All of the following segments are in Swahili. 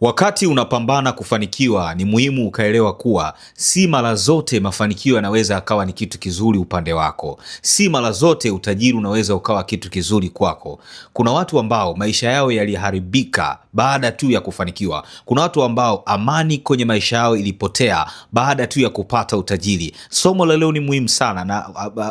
Wakati unapambana kufanikiwa, ni muhimu ukaelewa kuwa si mara zote mafanikio yanaweza yakawa ni kitu kizuri upande wako. Si mara zote utajiri unaweza ukawa kitu kizuri kwako. Kuna watu ambao maisha yao yaliharibika baada tu ya kufanikiwa. Kuna watu ambao amani kwenye maisha yao ilipotea baada tu ya kupata utajiri. Somo la leo ni muhimu sana, na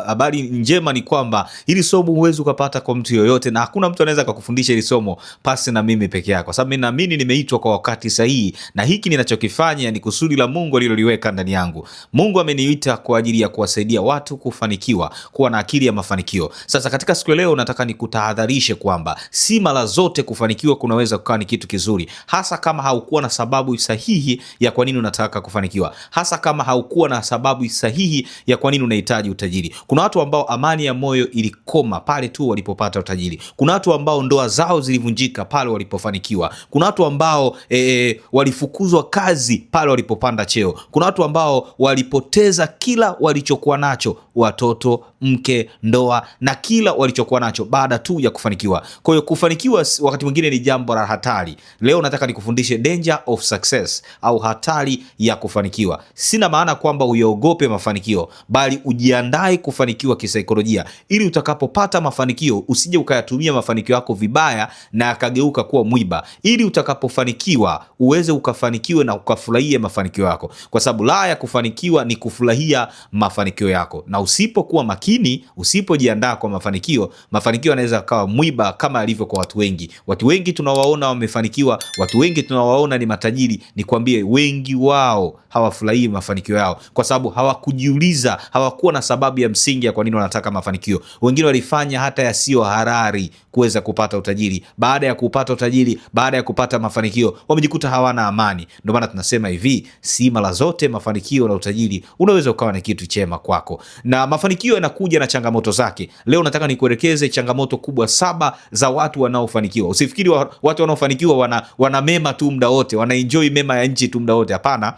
habari njema ni kwamba hili somo huwezi ukapata kwa mtu yoyote, na hakuna mtu anaweza kakufundisha hili somo pasi na mimi peke yako, kwa sababu naamini nimeitwa kwa wakati sahihi, na hiki ninachokifanya ni kusudi la Mungu aliloliweka ndani yangu. Mungu ameniita kwa ajili ya kuwasaidia watu kufanikiwa, kuwa na akili ya mafanikio. Sasa katika siku ya leo, nataka nikutahadharishe kwamba si mara zote kufanikiwa kunaweza kukawa ni kitu kizuri, hasa kama haukuwa na sababu sahihi ya kwa nini unataka kufanikiwa, hasa kama haukuwa na sababu sahihi ya kwa nini unahitaji utajiri. Kuna watu ambao amani ya moyo ilikoma pale tu walipopata utajiri. Kuna watu ambao ndoa zao zilivunjika pale walipofanikiwa. Kuna watu ambao e, walifukuzwa kazi pale walipopanda cheo. Kuna watu ambao walipoteza kila walichokuwa nacho, watoto, mke, ndoa na kila walichokuwa nacho baada tu ya kufanikiwa. Kwa hiyo kufanikiwa wakati mwingine ni jambo la hatari. Leo nataka nikufundishe danger of success au hatari ya kufanikiwa. Sina maana kwamba uyaogope mafanikio, bali ujiandae kufanikiwa kisaikolojia, ili utakapopata mafanikio usije ukayatumia mafanikio yako vibaya na akageuka kuwa mwiba, ili utakapofanikiwa kufanikiwa uweze ukafanikiwe na ukafurahia mafanikio yako, kwa sababu raha ya kufanikiwa ni kufurahia mafanikio yako. Na usipokuwa makini, usipojiandaa kwa mafanikio, mafanikio yanaweza kawa mwiba, kama alivyo kwa watu wengi. Watu wengi tunawaona wamefanikiwa, watu wengi tunawaona ni matajiri. Nikwambie, wengi wao hawafurahii mafanikio yao, kwa sababu hawakujiuliza, hawakuwa na sababu ya msingi ya kwa nini wanataka mafanikio. Wengine walifanya hata yasiyo harari kuweza kupata utajiri. Baada ya kupata utajiri, baada ya kupata mafanikio, wamejikuta hawana amani. Ndio maana tunasema hivi, si mara zote mafanikio na utajiri unaweza ukawa ni kitu chema kwako, na mafanikio yanakuja na changamoto zake. Leo nataka nikuelekeze changamoto kubwa saba za watu wanaofanikiwa. Usifikiri watu wanaofanikiwa wana, wana mema tu muda wote, enjoy mema ya nchi tu muda wote. Hapana.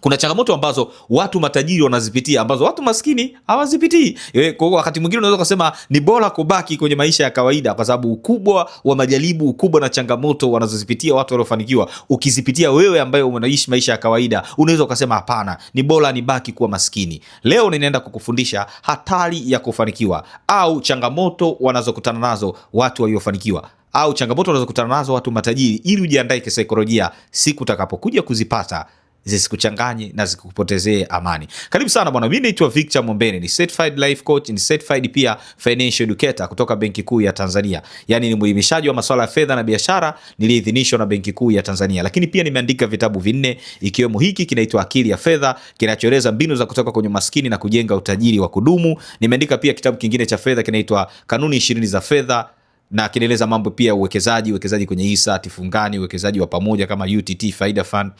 Kuna changamoto ambazo watu matajiri wanazipitia ambazo watu maskini hawazipitii. Eh, wakati mwingine unaweza kusema ni bora kubaki kwenye maisha ya kawaida, kwa sababu ukubwa wa majaribu, ukubwa na changamoto wanazozipitia watu waliofanikiwa, ukizipitia wewe ambaye unaishi maisha ya kawaida, unaweza ukasema hapana, ni bora nibaki kuwa maskini. Leo ninaenda kukufundisha hatari ya kufanikiwa au changamoto wanazokutana nazo watu waliofanikiwa au changamoto wanazokutana nazo watu matajiri, ili ujiandae kisaikolojia siku utakapokuja kuzipata zisikuchanganye na zikupotezee amani. Karibu sana bwana, mi naitwa Victor Mwambene, ni certified life coach, ni certified pia financial educator kutoka Benki Kuu ya Tanzania, yaani ni mwelimishaji wa masuala ya fedha na biashara niliidhinishwa na Benki Kuu ya Tanzania, lakini pia nimeandika vitabu vinne ikiwemo hiki kinaitwa Akili ya Fedha kinachoeleza mbinu za kutoka kwenye maskini na kujenga utajiri wa kudumu. Nimeandika pia kitabu kingine cha fedha kinaitwa Kanuni ishirini za Fedha na kinaeleza mambo pia ya uwekezaji, uwekezaji kwenye hisa, hati uwekezaji wa pamoja kama UTT Faida Fund.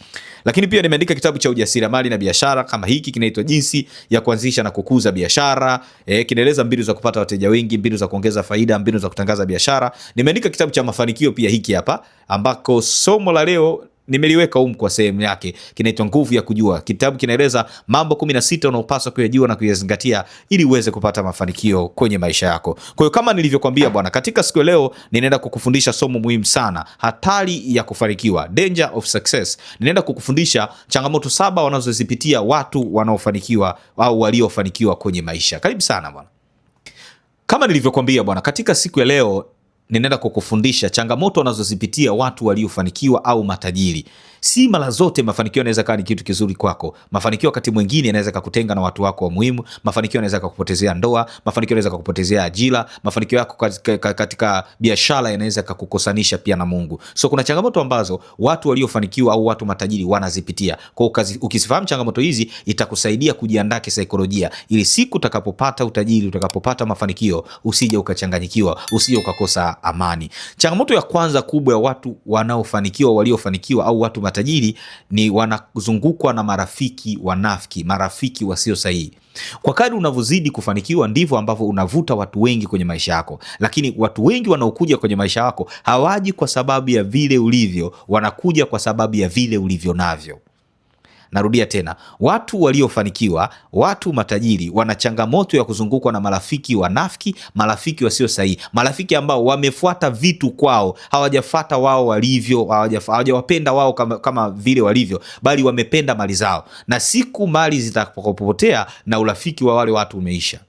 Lakini pia nimeandika kitabu cha ujasiriamali na biashara kama hiki, kinaitwa jinsi ya kuanzisha na kukuza biashara. E, kinaeleza mbinu za kupata wateja wengi, mbinu za kuongeza faida, mbinu za kutangaza biashara. Nimeandika kitabu cha mafanikio pia hiki hapa, ambako somo la leo nimeliweka humu kwa sehemu yake, kinaitwa Nguvu ya Kujua. Kitabu kinaeleza mambo kumi na sita unaopaswa kuyajua na kuyazingatia ili uweze kupata mafanikio kwenye maisha yako. Kwa hiyo kama nilivyokwambia bwana, katika siku ya leo ninaenda kukufundisha somo muhimu sana, hatari ya kufanikiwa, danger of success. Ninaenda kukufundisha changamoto saba wanazozipitia watu wanaofanikiwa au waliofanikiwa kwenye maisha. Karibu sana bwana. Kama nilivyokwambia bwana, katika siku ya leo ninaenda kukufundisha changamoto wanazozipitia watu waliofanikiwa au matajiri. Si mara zote mafanikio yanaweza kawa ni kitu kizuri kwako. Mafanikio wakati mwingine yanaweza kakutenga na watu wako wa muhimu. Mafanikio yanaweza kakupotezea ndoa, mafanikio yanaweza kakupotezea ajira, mafanikio yako katika, katika biashara yanaweza kakukosanisha pia na Mungu. So kuna changamoto ambazo watu waliofanikiwa au watu matajiri wanazipitia. Kwa hiyo ukizifahamu changamoto hizi itakusaidia kujiandaa kisaikolojia ili siku utakapopata utajiri, utakapopata mafanikio usije ukachanganyikiwa, usije ukakosa amani. Changamoto ya kwanza kubwa ya watu wanaofanikiwa, waliofanikiwa au watu matajiri ni wanazungukwa na marafiki wanafiki, marafiki wasio sahihi. Kwa kadri unavyozidi kufanikiwa ndivyo ambavyo unavuta watu wengi kwenye maisha yako, lakini watu wengi wanaokuja kwenye maisha yako hawaji kwa sababu ya vile ulivyo, wanakuja kwa sababu ya vile ulivyo navyo. Narudia tena, watu waliofanikiwa, watu matajiri wana changamoto ya kuzungukwa na marafiki wanafiki, marafiki wasio sahihi, marafiki ambao wamefuata vitu kwao, hawajafuata wao walivyo, hawajawapenda wao kama, kama vile walivyo, bali wamependa mali zao, na siku mali zitakapopotea na urafiki wa wale watu umeisha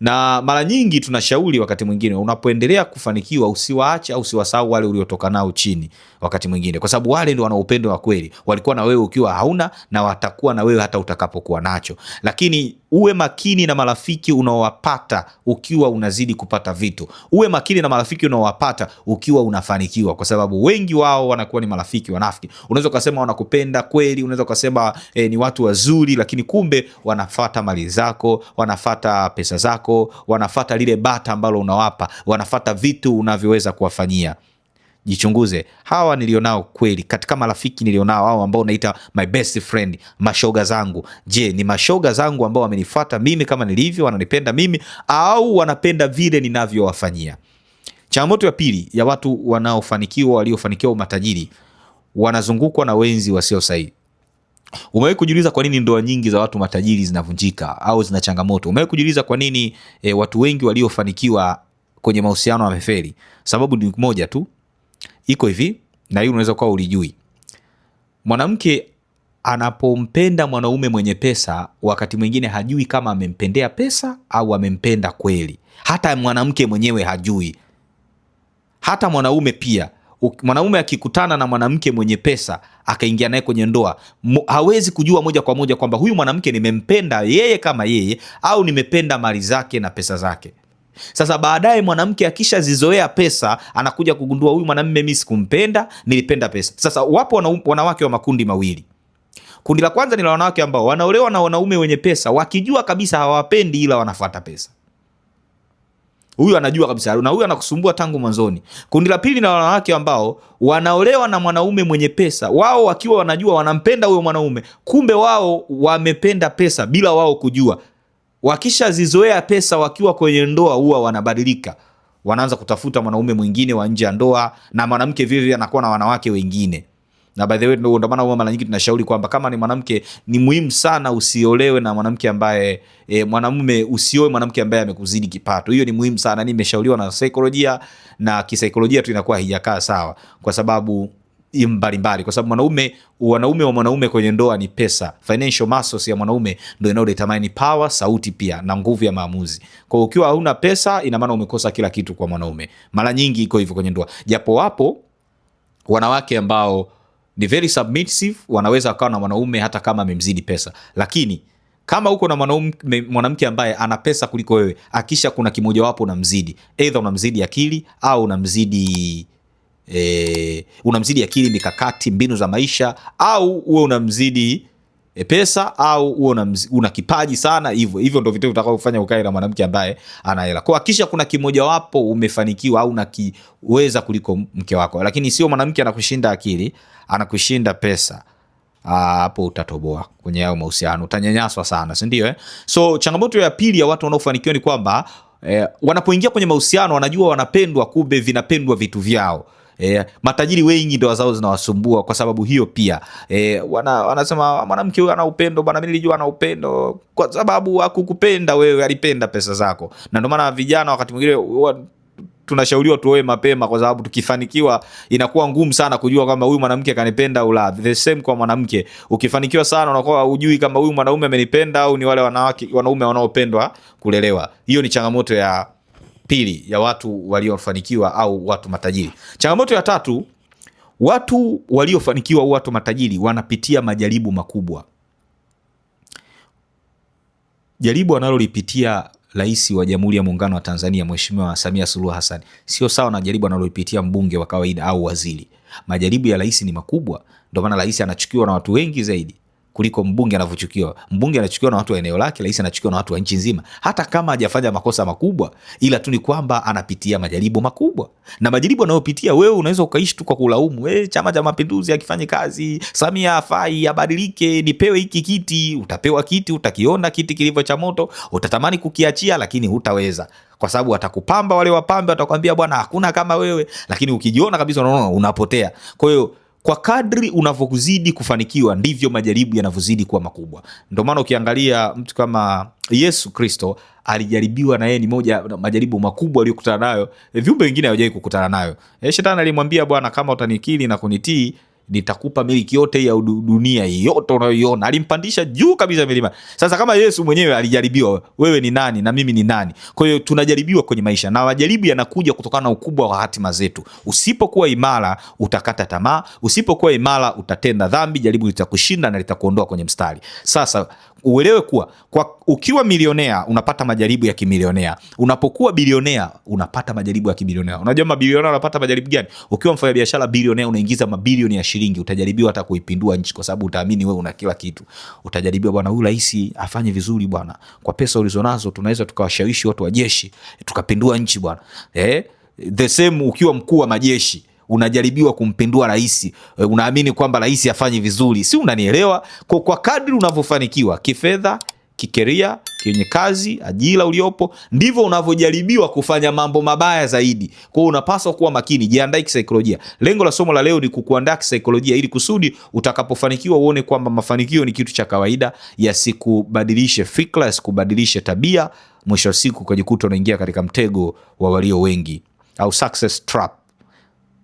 na mara nyingi tunashauri wakati mwingine, unapoendelea kufanikiwa usiwaache au usiwasahau wale uliotoka nao chini, wakati mwingine, kwa sababu wale ndio wana upendo wa kweli, walikuwa na wewe ukiwa hauna na watakuwa na wewe hata utakapokuwa nacho, lakini Uwe makini na marafiki unaowapata ukiwa unazidi kupata vitu. Uwe makini na marafiki unaowapata ukiwa unafanikiwa, kwa sababu wengi wao wanakuwa ni marafiki wanafiki. Unaweza ukasema wanakupenda kweli, unaweza ukasema eh, ni watu wazuri, lakini kumbe wanafata mali zako, wanafata pesa zako, wanafata lile bata ambalo unawapa, wanafata vitu unavyoweza kuwafanyia jichunguze. Hawa nilionao kweli katika marafiki nilionao hao ambao naita my best friend, mashoga zangu. Je, ni mashoga zangu ambao wamenifuata mimi kama nilivyo, wananipenda mimi au wanapenda vile ninavyowafanyia? Changamoto ya pili ya watu wanaofanikiwa, waliofanikiwa, matajiri, wanazungukwa na wenzi wasio sahihi. Umewahi kujiuliza kwa nini ndoa nyingi za watu matajiri zinavunjika au zina changamoto? Umewahi kujiuliza kwa nini e, watu wengi waliofanikiwa kwenye mahusiano wamefeli? Sababu ni moja tu, iko hivi, na hii unaweza kuwa ulijui. Mwanamke anapompenda mwanaume mwenye pesa, wakati mwingine hajui kama amempendea pesa au amempenda kweli. Hata mwanamke mwenyewe hajui, hata mwanaume pia. Mwanaume akikutana na mwanamke mwenye pesa akaingia naye kwenye ndoa, hawezi kujua moja kwa moja kwamba huyu mwanamke nimempenda yeye kama yeye au nimependa mali zake na pesa zake. Sasa baadaye mwanamke akishazizoea pesa anakuja kugundua huyu mwanamume mimi sikumpenda, nilipenda pesa. Sasa wapo wanawake wa makundi mawili. Kundi la kwanza ni la wanawake ambao wanaolewa na wanaume wenye pesa, wakijua kabisa hawapendi ila wanafuata pesa. Huyu anajua kabisa na huyu anakusumbua tangu mwanzoni. Kundi la pili na wanawake ambao wanaolewa na mwanaume mwenye pesa, wao wakiwa wanajua wanampenda huyo mwanaume, kumbe wao wamependa pesa bila wao kujua wakishazizoea pesa wakiwa kwenye ndoa huwa wanabadilika, wanaanza kutafuta mwanaume mwingine wa nje ya ndoa, na mwanamke vile vile anakuwa na wanawake wengine. Na by the way, ndio maana huwa mara nyingi tunashauri kwamba kama ni mwanamke, ni muhimu sana usiolewe na mwanamke ambaye e, mwanamume usioe mwanamke ambaye amekuzidi kipato. Hiyo ni muhimu sana, nimeshauriwa na saikolojia, na kisaikolojia tu inakuwa haijakaa sawa, kwa sababu mbalimbali, kwa sababu mwanaume wanaume wa mwanaume kwenye ndoa ni pesa. Financial muscles ya mwanaume ndio inayodetermine power, sauti pia na nguvu ya maamuzi. Kwa hiyo ukiwa hauna pesa, ina maana umekosa kila kitu kwa mwanaume. Mara nyingi iko hivyo kwenye ndoa, japo wapo wanawake ambao ni very submissive, wanaweza akawa na mwanaume hata kama amemzidi pesa, lakini kama uko na mwanaume mwanamke ambaye ana pesa kuliko wewe, akisha kuna kimojawapo unamzidi, aidha unamzidi akili au unamzidi e, unamzidi akili, mikakati, mbinu za maisha, au uwe unamzidi e, pesa au uwe una, kipaji sana. Hivyo hivyo ndo vitu vitakavyofanya ukae na mwanamke ambaye ana hela. Kwa hakikisha kuna kimojawapo umefanikiwa au unakiweza kuliko mke wako, lakini sio mwanamke anakushinda akili, anakushinda pesa ah, hapo utatoboa kwenye hayo mahusiano, utanyanyaswa sana, si ndio eh? So changamoto ya pili ya watu wanaofanikiwa ni kwamba eh, wanapoingia kwenye mahusiano wanajua wanapendwa, kumbe vinapendwa vitu vyao eh, matajiri wengi ndoa zao zinawasumbua kwa sababu hiyo pia. eh, wana, wanasema mwanamke huyu ana upendo bwana, mimi nilijua ana upendo kwa sababu akukupenda wewe, alipenda pesa zako, na ndio maana vijana wakati mwingine tunashauriwa tuoe mapema kwa sababu tukifanikiwa inakuwa ngumu sana kujua kama huyu mwanamke kanipenda au la. The same kwa mwanamke, ukifanikiwa sana unakuwa hujui kama huyu mwanaume amenipenda au ni wale wanawake wanaume wanaopendwa kulelewa. Hiyo ni changamoto ya pili ya watu waliofanikiwa au watu matajiri. Changamoto ya tatu, watu waliofanikiwa au watu matajiri wanapitia majaribu makubwa. Jaribu analolipitia Rais wa Jamhuri ya Muungano wa Tanzania mweshimiwa Samia Suluhu hasani sio sawa na jaribu analolipitia mbunge wa kawaida au waziri. Majaribu ya rahisi ni makubwa, ndio maana anachukiwa na watu wengi zaidi kuliko mbunge anavyochukiwa. Mbunge anachukiwa na watu wa eneo lake, rais anachukiwa na watu wa nchi nzima, hata kama hajafanya makosa makubwa, ila tu ni kwamba anapitia majaribu makubwa, na majaribu anayopitia wewe unaweza ukaishi tu kwa kulaumu, e, Chama cha Mapinduzi akifanyi kazi, Samia afai, abadilike, nipewe hiki kiti. Utapewa kiti, utakiona kiti kilivyo cha moto, utatamani kukiachia, lakini hutaweza kwa sababu watakupamba wale wapambe, watakwambia bwana, hakuna kama wewe, lakini ukijiona kabisa unaona unapotea, kwa hiyo kwa kadri unavyozidi kufanikiwa ndivyo majaribu yanavyozidi kuwa makubwa. Ndio maana ukiangalia mtu kama Yesu Kristo alijaribiwa na yeye ni moja majaribu makubwa aliyokutana nayo, viumbe wengine hawajawahi kukutana nayo. Eh, shetani alimwambia Bwana, kama utanikiri na kunitii nitakupa miliki yote ya dunia yote unayoiona. Alimpandisha juu kabisa milima. Sasa kama Yesu mwenyewe alijaribiwa, wewe ni nani na mimi ni nani? Kwa hiyo tunajaribiwa kwenye maisha, na majaribu yanakuja kutokana na ukubwa wa hatima zetu. Usipokuwa imara, utakata tamaa. Usipokuwa imara, utatenda dhambi. Jaribu litakushinda na litakuondoa kwenye mstari. Sasa Uelewe kuwa kwa ukiwa milionea unapata majaribu ya kimilionea, unapokuwa bilionea unapata majaribu ya kibilionea. Unajua mabilionea unapata majaribu gani? Ukiwa biashara bilionea unaingiza mabilioni ya shilingi, utajaribiwa hata kuipindua nchi, kwa sababu utaamini wewe una kila kitu. Utajaribiwa bwana, huyu rais afanye vizuri bwana, kwa pesa ulizonazo tunaweza tukawashawishi watu wa jeshi tukapindua nchi bwana, eh? The same ukiwa mkuu wa majeshi unajaribiwa kumpindua rais, eh, unaamini kwamba rais afanyi vizuri, si unanielewa? Kwa, kwa kadri unavyofanikiwa kifedha, kikeria, kwenye kazi, ajira uliopo, ndivyo unavyojaribiwa kufanya mambo mabaya zaidi. Kwa hiyo unapaswa kuwa makini, jiandae kisaikolojia. Lengo la somo la leo ni kukuandaa kisaikolojia, ili kusudi utakapofanikiwa uone kwamba mafanikio ni kitu cha kawaida, yasikubadilishe fikra, yasikubadilishe tabia, mwisho wa siku ukajikuta unaingia katika mtego wa walio wengi au success trap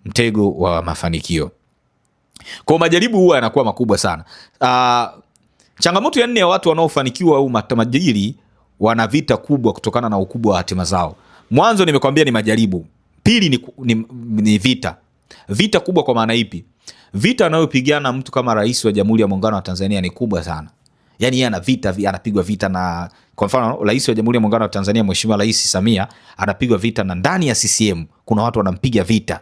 mtego wa mafanikio. Kwa majaribu huwa yanakuwa makubwa sana. Uh, changamoto ya nne ya watu wanaofanikiwa au matajiri wana vita kubwa kutokana na ukubwa wa hatima zao. Mwanzo nimekwambia ni majaribu, pili ni, ni, ni vita. Vita kubwa kwa maana ipi? Vita anayopigana mtu kama rais wa Jamhuri ya Muungano wa Tanzania ni kubwa sana. Yani yeye anavita anapigwa vita na, kwa mfano rais wa Jamhuri ya Muungano wa Tanzania Mheshimiwa Rais Samia anapigwa vita na ndani ya CCM kuna watu wanampiga vita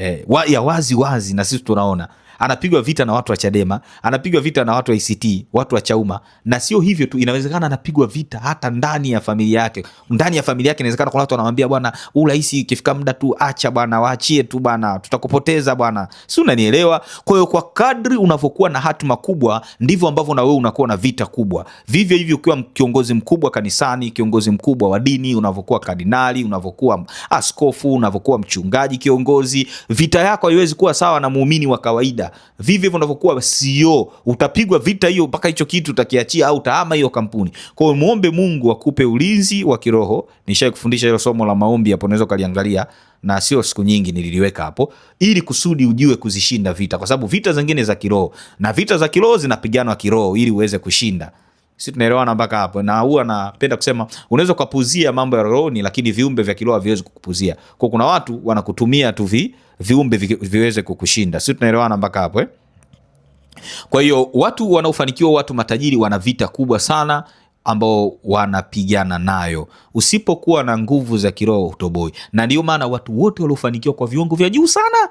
eh, wa, ya wazi wazi na sisi tunaona anapigwa vita na watu wa Chadema, anapigwa vita na watu wa ICT, e watu wa Chauma. Na sio hivyo tu, inawezekana anapigwa vita hata ndani ya familia yake. Ndani ya familia yake inawezekana kuna watu wanamwambia, bwana, urais ikifika muda tu acha bwana, waachie tu bwana, tutakupoteza bwana, si unanielewa? Kwa hiyo kwa kadri unavyokuwa na hatima kubwa, ndivyo ambavyo na wewe unakuwa na vita kubwa. Vivyo hivyo ukiwa kiongozi mkubwa kanisani, kiongozi mkubwa wa dini, unavyokuwa kardinali, unavyokuwa askofu, unavyokuwa mchungaji, kiongozi, vita yako haiwezi kuwa sawa na muumini wa kawaida. Vivyo hivyo unavyokuwa CEO, utapigwa vita hiyo mpaka hicho kitu utakiachia au utaama hiyo kampuni. Kwa hiyo muombe Mungu akupe ulinzi wa kiroho. Nishai kufundisha hilo somo la maombi hapo, unaweza ukaliangalia na sio siku nyingi nililiweka hapo, ili kusudi ujue kuzishinda vita, kwa sababu vita zingine za kiroho na vita za kiroho zinapiganwa kiroho ili uweze kushinda si tunaelewana mpaka hapo, na huwa anapenda kusema unaweza ukapuzia mambo ya rohoni, lakini viumbe vya kiroho haviwezi kukupuzia. Kwa kuna watu wanakutumia tu vi, viumbe viweze kukushinda. si tunaelewana mpaka hapo eh? Kwa hiyo watu wanaofanikiwa, watu matajiri, wana vita kubwa sana ambao wanapigana nayo. Usipokuwa na nguvu za kiroho utoboi, na ndio maana watu wote waliofanikiwa kwa viwango vya juu sana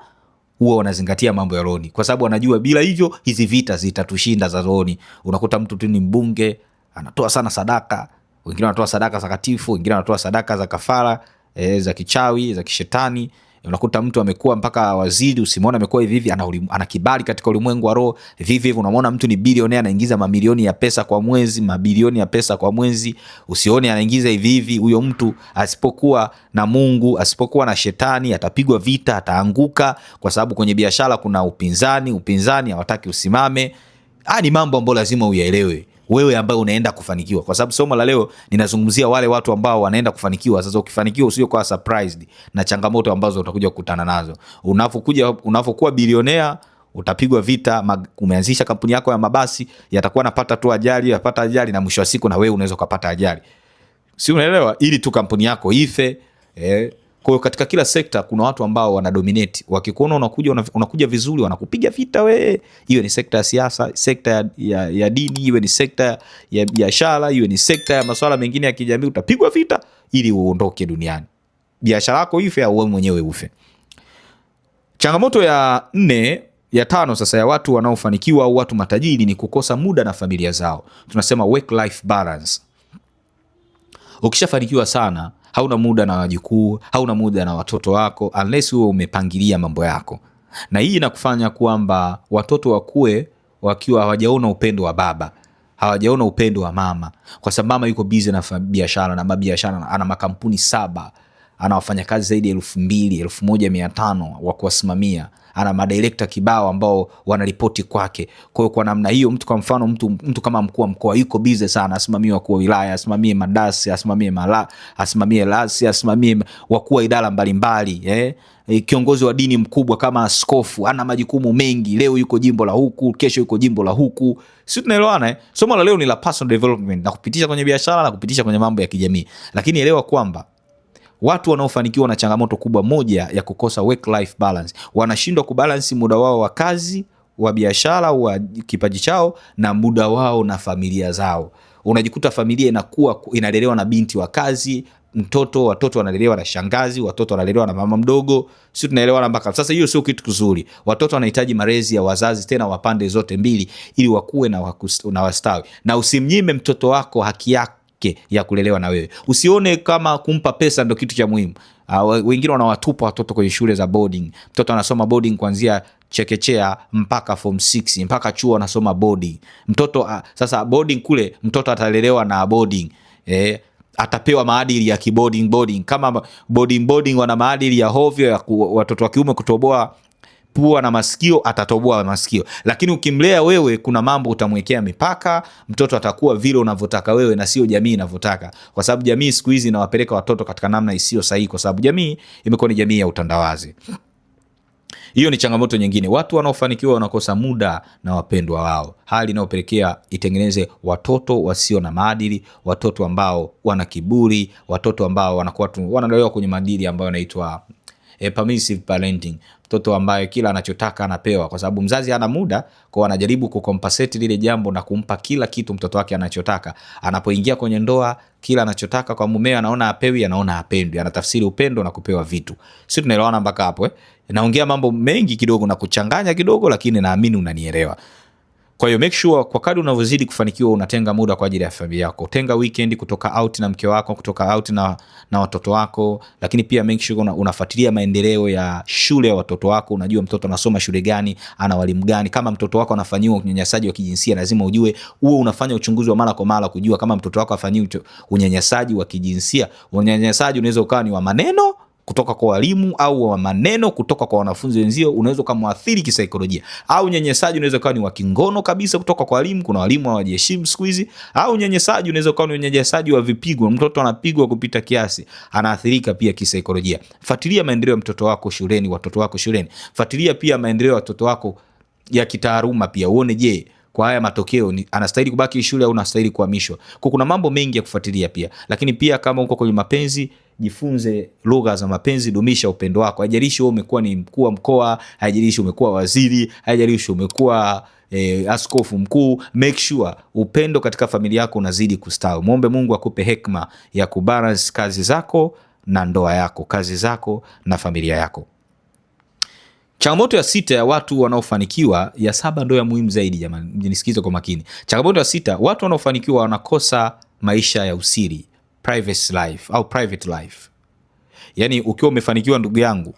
huwa wanazingatia mambo ya roni kwa sababu wanajua bila hivyo hizi vita zitatushinda za roni Unakuta mtu tu ni mbunge anatoa sana sadaka, wengine wanatoa sadaka takatifu, wengine wanatoa sadaka za kafara e, za kichawi za kishetani unakuta mtu amekuwa mpaka waziri, usimwona amekuwa hivi hivi, ana, ana kibali katika ulimwengu wa roho. Vivi hivi unamwona mtu ni bilionea, anaingiza mamilioni ya pesa kwa mwezi, mabilioni ya pesa kwa mwezi, usione anaingiza hivi hivi. Huyo mtu asipokuwa na Mungu, asipokuwa na shetani, atapigwa vita, ataanguka, kwa sababu kwenye biashara kuna upinzani. Upinzani hawataki usimame. Haya ni mambo ambayo lazima uyaelewe wewe ambaye unaenda kufanikiwa, kwa sababu somo la leo ninazungumzia wale watu ambao wanaenda kufanikiwa. Sasa ukifanikiwa, usije surprised na changamoto ambazo utakuja kukutana nazo. Unapokuja, unapokuwa bilionea utapigwa vita. Umeanzisha kampuni yako ya mabasi, yatakuwa napata tu ajali, yapata ajali, na mwisho wa siku na wewe unaweza ukapata ajali, si unaelewa, ili tu kampuni yako ife eh, kwa hiyo katika kila sekta kuna watu ambao wanadominate, wakikuona unakuja, unakuja vizuri wanakupiga vita we. Iwe ni sekta ya siasa, sekta ya, ya, ya dini, iwe ni sekta ya biashara, iwe ni sekta ya masuala mengine ya kijamii, utapigwa vita ili uondoke duniani, biashara yako ife au wewe mwenyewe ufe. Changamoto ya nne ya tano sasa ya watu wanaofanikiwa au watu matajiri ni kukosa muda na familia zao, tunasema work life balance. Ukishafanikiwa sana hauna muda na wajukuu, hauna muda na watoto wako, unless wewe umepangilia mambo yako, na hii inakufanya kwamba watoto wakue wakiwa hawajaona upendo wa baba hawajaona upendo wa mama, kwa sababu mama yuko bize na biashara na mabiashara, ana makampuni saba ana wafanyakazi zaidi ya elfu mbili elfu moja mia tano wa kuwasimamia ana madirekta kibao ambao wanaripoti kwake. Kwa hiyo kwa namna hiyo, mtu kwa mfano, mtu, mtu kama mkuu wa mkoa yuko bize sana, asimamie wakuu wa wilaya, asimamie madasi, asimamie mala, asimamie lasi, asimamie wakuu wa idara mbalimbali eh? E, kiongozi wa dini mkubwa kama askofu ana majukumu mengi, leo yuko jimbo la huku, kesho yuko jimbo la huku, si tunaelewana eh? Somo la leo ni la personal development na kupitisha kwenye biashara na kupitisha kwenye mambo ya kijamii, lakini elewa kwamba Watu wanaofanikiwa na changamoto kubwa moja ya kukosa work life balance, wanashindwa kubalansi muda wao wa kazi, wa biashara, wa kipaji chao na muda wao na familia zao. Unajikuta familia inakuwa inalelewa na binti wa kazi, mtoto watoto wanalelewa na shangazi, watoto wanalelewa na mama mdogo, si tunaelewana mpaka sasa. Hiyo sio kitu kizuri. Watoto wanahitaji malezi ya wazazi, tena wapande zote mbili, ili wakuwe na, na wastawi. Na usimnyime mtoto wako haki yako yake ya kulelewa na wewe. Usione kama kumpa pesa ndo kitu cha muhimu. Ah, wengine wanawatupa watoto kwenye shule za boarding. Mtoto anasoma boarding kuanzia chekechea mpaka form 6 mpaka chuo anasoma boarding. Mtoto ah, sasa boarding kule mtoto atalelewa na boarding eh, atapewa maadili ya kiboarding boarding. Kama boarding boarding wana maadili ya hovyo ya ku, watoto wa kiume kutoboa pua na masikio, atatoboa masikio. Lakini ukimlea wewe, kuna mambo utamwekea mipaka. Mtoto atakuwa vile unavyotaka wewe na sio jamii inavyotaka, kwa sababu jamii siku hizi inawapeleka watoto katika namna isiyo sahihi, kwa sababu jamii imekuwa ni jamii ya utandawazi. Hiyo ni changamoto nyingine. Watu wanaofanikiwa wanakosa muda na wapendwa wao, hali inayopelekea itengeneze watoto wasio na maadili, watoto ambao wana kiburi, watoto ambao wanakuwa wanalelewa kwenye maadili ambayo yanaitwa eh, permissive parenting, mtoto ambaye kila anachotaka anapewa, kwa sababu mzazi hana muda, kwao, anajaribu kukompensate lile jambo na kumpa kila kitu mtoto wake anachotaka. Anapoingia kwenye ndoa, kila anachotaka kwa mumeo anaona apewi, anaona apendwi, anatafsiri upendo na kupewa vitu. Sisi tunaelewana mpaka hapo eh? Naongea mambo mengi kidogo na kuchanganya kidogo, lakini naamini unanielewa. Kwa hiyo make sure kwa kadri unavyozidi kufanikiwa unatenga muda kwa ajili ya familia yako. Tenga weekend kutoka out na mke wako, kutoka out na, na watoto wako, lakini pia make sure una, unafuatilia maendeleo ya shule ya watoto wako. Unajua mtoto anasoma shule gani, ana walimu gani. Kama mtoto wako anafanyiwa unyanyasaji wa kijinsia, lazima ujue, uwe unafanya uchunguzi wa mara kwa mara kujua kama mtoto wako afanyiwa unyanyasaji wa kijinsia. Unyanyasaji unaweza ukawa ni wa maneno kutoka kwa walimu au wa maneno kutoka kwa wanafunzi wenzio unaweza ukamwathiri kisaikolojia, au unyenyesaji unaweza ukawa ni wa kingono kabisa kutoka kwa walimu. Kuna walimu hawajiheshimu siku hizi, au unyenyesaji unaweza ukawa ni unyenyesaji wa vipigo. Mtoto anapigwa kupita kiasi, anaathirika pia kisaikolojia. Fuatilia maendeleo ya mtoto wako shuleni, watoto wako shuleni. Fuatilia pia maendeleo ya watoto wako ya kitaaluma pia uone, je, kwa haya matokeo ni anastahili kubaki shule au anastahili kuhamishwa? Kuna mambo mengi ya kufuatilia pia, lakini pia kama uko kwenye mapenzi jifunze lugha za mapenzi, dumisha upendo wako. Haijalishi wewe umekuwa ni mkuu wa mkoa, haijalishi umekuwa waziri, haijalishi umekuwa E, askofu mkuu, make sure upendo katika familia yako unazidi kustawi. Mwombe Mungu akupe hekma ya kubalance kazi zako na ndoa yako, kazi zako na familia yako. Changamoto ya sita ya watu wanaofanikiwa, ya saba ndo ya muhimu zaidi jamani, nisikize kwa makini. Changamoto ya sita, watu wanaofanikiwa wanakosa maisha ya usiri life au private life. yani ukiwa umefanikiwa ndugu yangu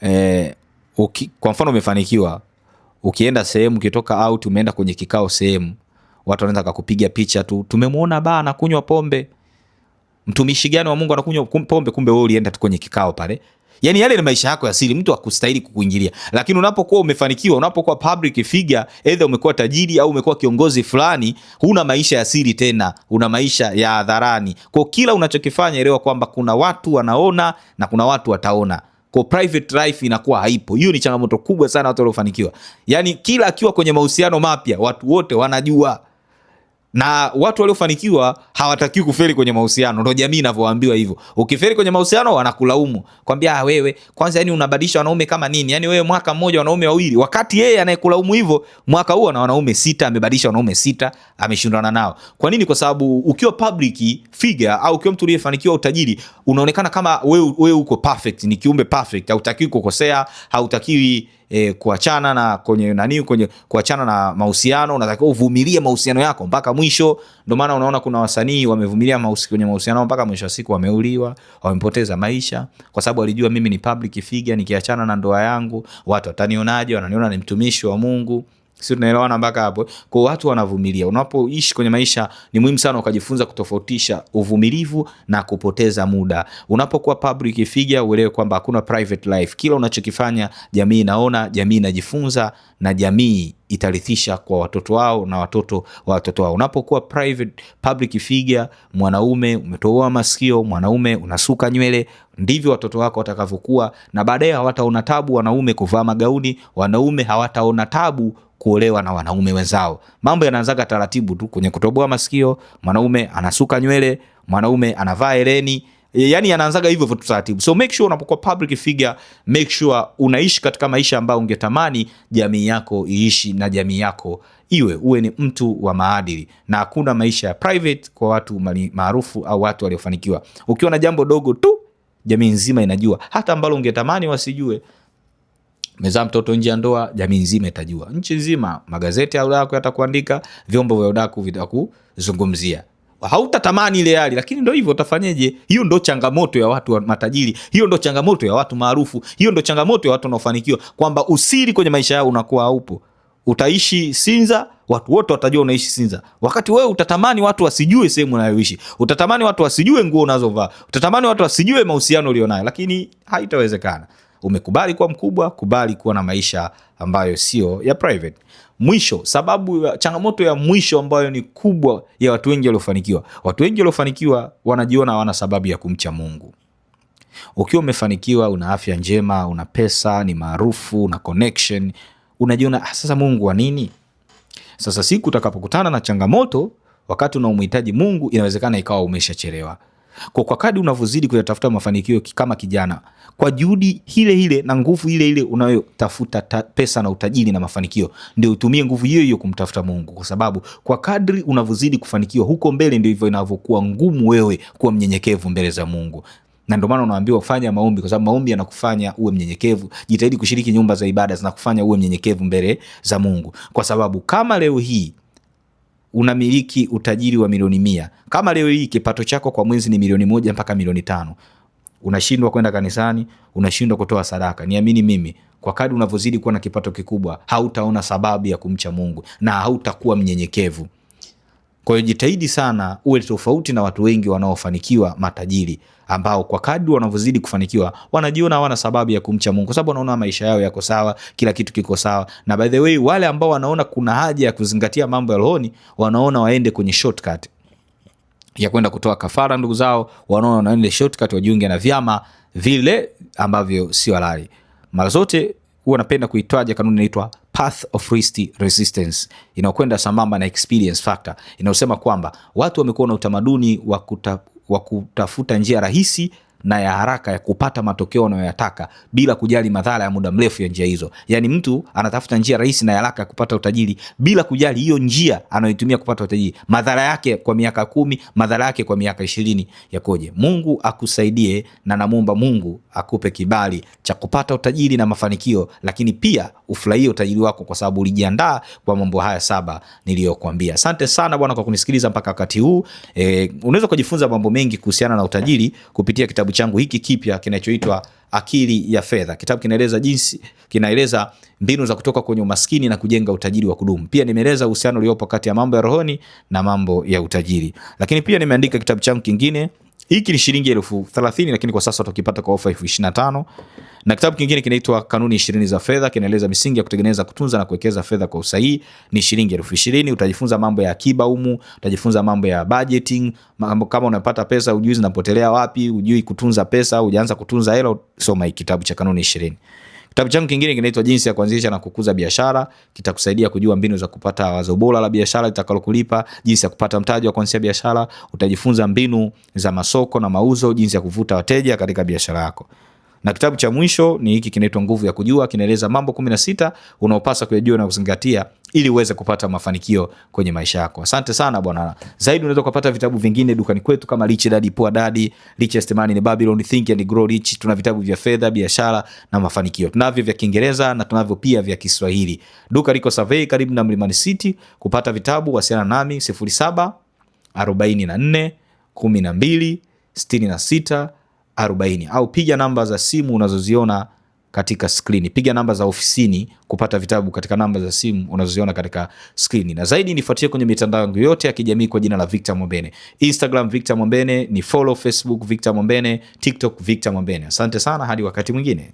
eh, uki, kwa mfano umefanikiwa ukienda sehemu ukitoka out umeenda kwenye kikao sehemu, watu wanaeza kakupiga picha tu, tumemwona ba anakunywa pombe, mtumishi gani wa Mungu anakunywa pombe? Kumbe we ulienda tu kwenye kikao pale Yaani yale ni maisha yako ya siri, mtu hakustahili kukuingilia. Lakini unapokuwa umefanikiwa, unapokuwa public figure, either umekuwa tajiri au umekuwa kiongozi fulani, huna maisha ya siri tena, una maisha ya hadharani. Kwa kila unachokifanya, elewa kwamba kuna watu wanaona na kuna watu wataona. Kwa private life inakuwa haipo. Hiyo ni changamoto kubwa sana watu waliofanikiwa. Yaani kila akiwa kwenye mahusiano mapya, watu wote wanajua na watu waliofanikiwa hawatakiwi kufeli kwenye mahusiano, ndo jamii inavyoambiwa hivyo. Ukifeli kwenye mahusiano wanakulaumu kwambia, ah, wewe kwanza, yani unabadilisha wanaume kama nini? Yani wewe mwaka mmoja wanaume wawili, wakati yeye anayekulaumu hivyo mwaka huo na wanaume sita, amebadilisha wanaume sita, ameshindana nao. Kwa nini? Kwa sababu ukiwa public figure au ukiwa mtu uliyefanikiwa utajiri, unaonekana kama wewe wewe uko perfect, ni kiumbe perfect, hautakiwi kukosea, hautakiwi e, kuachana na kwenye nani, kwenye kuachana na mahusiano, unatakiwa uvumilie mahusiano yako mpaka mwisho. Ndio maana unaona kuna wasanii wamevumilia mahusiano kwenye mahusiano mpaka mwisho wa siku, wameuliwa, wamepoteza maisha, kwa sababu walijua mimi ni public figure, nikiachana na ndoa yangu watu watanionaje? Wananiona ni mtumishi wa Mungu si tunaelewana mpaka hapo. Kwa watu wanavumilia. Unapoishi kwenye maisha ni muhimu sana ukajifunza kutofautisha uvumilivu na kupoteza muda. Unapokuwa public figure, uelewe kwamba hakuna private life. Kila unachokifanya jamii inaona, jamii inajifunza na jamii itarithisha kwa watoto wao na watoto wa watoto wao. Unapokuwa private public figure, mwanaume umetoa masikio, mwanaume unasuka nywele ndivyo watoto wako watakavyokuwa, na baadaye hawataona tabu wanaume kuvaa magauni, wanaume hawataona tabu kuolewa na wanaume wenzao. Mambo yanaanzaga taratibu tu, kwenye kutoboa masikio mwanaume anasuka nywele, mwanaume anavaa hereni yaani yanaanzaga hivyo vitu taratibu. So make sure unapokuwa public figure, make sure unaishi katika maisha ambayo ungetamani jamii yako iishi na jamii yako iwe, uwe ni mtu wa maadili, na hakuna maisha ya private kwa watu maarufu au watu waliofanikiwa. Ukiwa na jambo dogo tu jamii nzima inajua, hata ambalo ungetamani wasijue. Mezaa mtoto nje ya ndoa, jamii nzima itajua, nchi nzima, magazeti ya udaku yatakuandika, vyombo vya udaku vitakuzungumzia. Hautatamani ile hali, lakini ndo hivyo, utafanyeje? Hiyo ndo changamoto ya watu wa matajiri, hiyo ndo changamoto ya watu maarufu, hiyo ndo changamoto ya watu wanaofanikiwa, kwamba usiri kwenye maisha yao unakuwa haupo. Utaishi Sinza watu wote watajua unaishi Sinza, wakati wewe utatamani watu wasijue sehemu unayoishi, utatamani watu wasijue nguo unazovaa, utatamani watu wasijue mahusiano ulionayo, lakini haitawezekana. Umekubali kuwa mkubwa, kubali kuwa na maisha ambayo sio ya private. Mwisho, sababu ya changamoto ya mwisho ambayo ni kubwa ya watu wengi waliofanikiwa, watu wengi waliofanikiwa wanajiona hawana sababu ya kumcha Mungu. Ukiwa umefanikiwa, una afya njema, una pesa, ni maarufu, una connection, unajiona ah, sasa Mungu wa nini? Sasa siku utakapokutana na changamoto wakati unaomhitaji Mungu, inawezekana ikawa umeshachelewa. Kwa, kwa kadi unavyozidi kuyatafuta mafanikio kama kijana kwa juhudi ile ile na nguvu ile ile unayotafuta pesa na utajiri na mafanikio, ndio utumie nguvu hiyo hiyo kumtafuta Mungu, kwa sababu kwa kadri unavyozidi kufanikiwa huko mbele, hivyo inavyokuwa ngumu wewe kuwa mnyenyekevu mbele za Mungu na ndio maana unaambiwa fanya maombi, kwa sababu maombi yanakufanya uwe mnyenyekevu. Jitahidi kushiriki nyumba za ibada, zinakufanya uwe mnyenyekevu mbele za Mungu, kwa sababu kama leo hii unamiliki utajiri wa milioni mia, kama leo hii kipato chako kwa mwezi ni milioni moja mpaka milioni tano unashindwa kwenda kanisani, unashindwa kutoa sadaka, niamini mimi, kwa kadri unavyozidi kuwa na kipato kikubwa, hautaona sababu ya kumcha Mungu na hautakuwa mnyenyekevu. Kwa hiyo jitahidi sana uwe tofauti na watu wengi wanaofanikiwa matajiri ambao kwa kadri wanavyozidi kufanikiwa wanajiona hawana sababu ya kumcha Mungu, kwa sababu wanaona maisha yao yako sawa, kila kitu kiko sawa. Na by the way, wale ambao wanaona kuna haja ya kuzingatia mambo ya rohoni wanaona waende kwenye shortcut ya kwenda kutoa kafara ndugu zao, wanaona wanaende shortcut, wajiunge na vyama vile ambavyo si halali. Mara zote huwa napenda kuitaja kanuni inaitwa path of least resistance, inayokwenda sambamba na experience factor, inayosema kwamba watu wamekuwa na utamaduni wa wa kutafuta njia rahisi na ya haraka ya kupata matokeo anayoyataka bila kujali madhara ya muda mrefu ya njia hizo. Yaani mtu anatafuta njia rahisi na ya haraka ya kupata utajiri bila kujali hiyo njia anayoitumia kupata utajiri, madhara yake kwa miaka kumi, madhara yake kwa miaka ishirini yakoje? Mungu akusaidie, na namwomba Mungu akupe kibali cha kupata utajiri na mafanikio, lakini pia ufurahie utajiri wako, kwa sababu ulijiandaa kwa mambo haya saba niliyokuambia. Asante sana bwana kwa kunisikiliza mpaka wakati huu. E, unaweza kujifunza mambo mengi kuhusiana na utajiri kupitia kitabu changu hiki kipya kinachoitwa Akili ya Fedha. Kitabu kinaeleza jinsi, kinaeleza mbinu za kutoka kwenye umaskini na kujenga utajiri wa kudumu. Pia nimeeleza uhusiano uliopo kati ya mambo ya rohoni na mambo ya utajiri, lakini pia nimeandika kitabu changu kingine hiki ni shilingi elfu thelathini lakini kwa sasa utakipata kwa ofa elfu ishirini na tano na kitabu kingine kinaitwa Kanuni ishirini za Fedha, kinaeleza misingi ya kutengeneza, kutunza na kuwekeza fedha kwa usahihi. Ni shilingi elfu ishirini. Utajifunza mambo ya akiba umu utajifunza mambo ya budgeting, mambo kama unapata pesa hujui zinapotelea wapi, hujui kutunza pesa, ujaanza kutunza hela, soma hii kitabu cha Kanuni ishirini. Kitabu changu kingine kinaitwa Jinsi ya Kuanzisha na Kukuza Biashara, kitakusaidia kujua mbinu za kupata wazo bora la biashara litakalokulipa, jinsi ya kupata mtaji wa kuanzisha biashara. Utajifunza mbinu za masoko na mauzo, jinsi ya kuvuta wateja katika biashara yako na kitabu cha mwisho ni hiki kinaitwa Nguvu ya Kujua. Kinaeleza mambo kumi na sita unaopaswa kuyajua na kuzingatia ili uweze kupata mafanikio kwenye maisha yako. Asante sana bwana. Zaidi unaweza kupata vitabu vingine dukani kwetu kama Rich Dad Poor Dad, Richest Man in Babylon, Think and Grow Rich. Tuna vitabu vya fedha, biashara na mafanikio. Tunavyo vya Kiingereza na tunavyo pia vya Kiswahili. Duka liko Survey karibu na Mlimani City. Kupata vitabu wasiliana nami 0744 12 66 40 au piga namba za simu unazoziona katika skrini. Piga namba za ofisini kupata vitabu katika namba za simu unazoziona katika skrini, na zaidi nifuatie kwenye mitandao yangu yote ya kijamii kwa jina la Victor Mwambene, Instagram Victor Mwambene, ni follow Facebook Victor Mwambene, TikTok Victor Mwambene. Asante sana, hadi wakati mwingine.